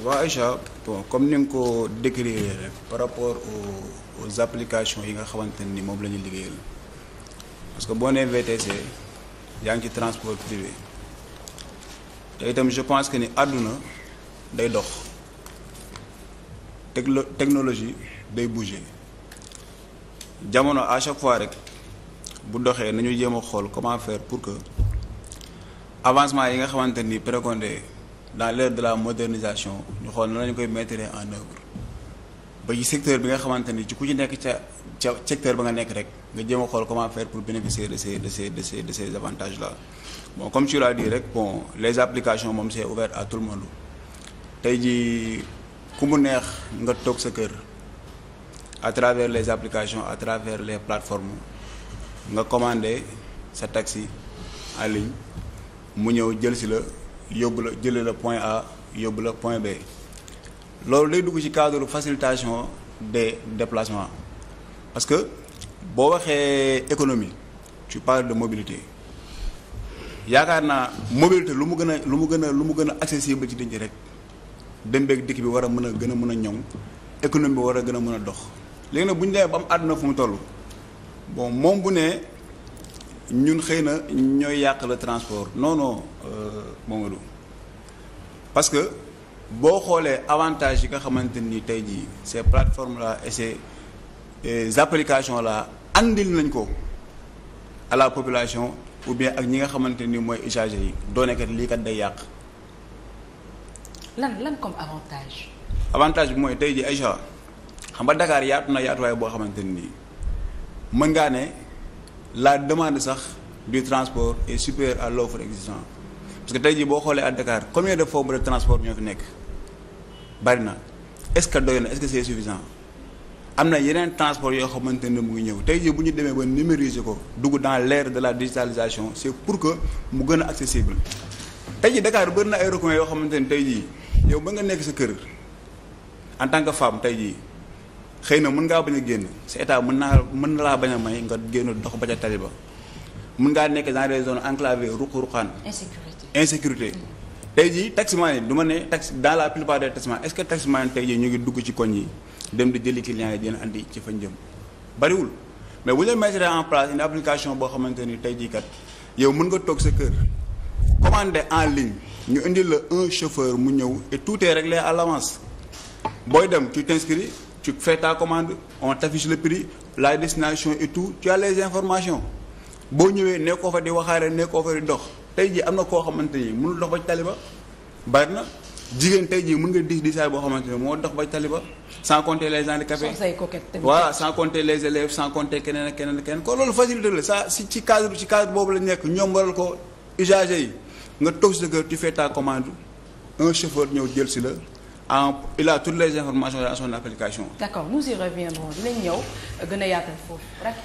waaw Aïcha bon comme ni nga ko décrire par rapport aux, aux applications yi nga xamante ne ni moom la ñu liggéeyal parce que boo nee VTC yaa ngi ci transport privé te itam je pense que ni àdduna day dox techno technologie day bouger jamono à chaque fois rek bu doxee nañu jéem a xool comment faire pour que avancement yi nga xamante ni préconder dans l'ère de la modernisation ñu xool nan lañu koy mettre en œuvre ba ci secteur bi nga xamante ni ci ku ci nekk ca ca secteur ba nga nekk rek nga jéem a xool comment faire pour bénéficier de ces de ces de ces de ces avantages bon comme tu l'as dit rek bon les applications moom c'est ouvert à tout le jii ku mu neex nga toog sa kër à travers les applications à travers les plateformes nga commandé sa taxi en ligne mu ñëw jël si la yóbbu la jëlee la point A yóbbu la point B loolu day dugg ci cadre facilitation des déplacements parce que boo waxee économie tu parles de mobilité yaakaar naa mobilité lu mu gën a lu mu gën a lu mu gën a accessible ci dënc rek dem beeg dikk bi war a mën a gën a mën a ñoŋ économie bi war a gën a mën a dox léegi nag buñ ñu bam àdduna fu mu toll bon moom bu ne ñun xëy na ñooy yàq le transport noonu non euh, Mamadou parce que boo xoolee avantage yi nga xamante nii tey jii ces plateforme là et ces applications là andil nañ ko à la population ou bien ak ñi nga xamante ni mooy usagers yi doone kat lii kat day yàq. lan lan comme avantage. avantage bi mooy tey jii Aïcha xam nga dakaar yaatu na yaatuwaay boo xamante nii mën ngaa ne. la demande sax du transport est supérieure à l'offre existante parce que tey jii boo xoolee à Dakar combien de formes de transport ñoo fi nekk bari na est-ce que doy na est-ce que c'est suffisant am na yeneen transport yoo xamante ne mu ngi ñëw tey jii bu ñu demee ba numériser ko dugg dans leer de la digitalisation c'est pour que mu gën a accessible tey jii Dakar bëri na ay recoins yoo xamante ne tey jii yow ba nga nekk sa kër en tant que femme tey jii. xëy na mun ngaa bañ a génn sa état mën naa mën na laa bañ a may nga génn dox ba ca tali ba ngaa nekk dans des zones enclavées ruq-ruqaan. insécurité insécurité. tey jii taximan yi du ma ne taxi dans la plupart des taximan est-ce que taximan tey jii ñu ngi dugg ci koñ yi dem di jëli clients yi dina andi ci fañ jëm bariwul mais bu ñu mettre en place une application boo xamante ni tey jii kat yow mën nga toog sa kër commander en ligne ñu indi la un chauffeur mu ñëw et tout est réglé à l'avance booy dem tu t'inscris ci fais ta commande on t'affiche le prix la destination et tout tu as les informations boo ñëwee nekkoo fa di waxaare nekkoo fa di dox tey jii am na koo xamante ni mënul dox ba ci taliba bari na jigéen tey jii mun nga diis diisaay boo xamante ni moo dox ba ci taliba sans compter les handicapés voilà sans compter les élèves sans compter keneen ak keneen ak keneen kon loolu facilité la ça si ci cadre ci cadre boobu la nekk ñombalal ko usagers yi nga toog sa kër tu commande un chauffeur ñëw jël si la en il a toutes les informations dans son application. d'accord nous y reviendrons dinañ ñëw gën a yaatal foofu rek.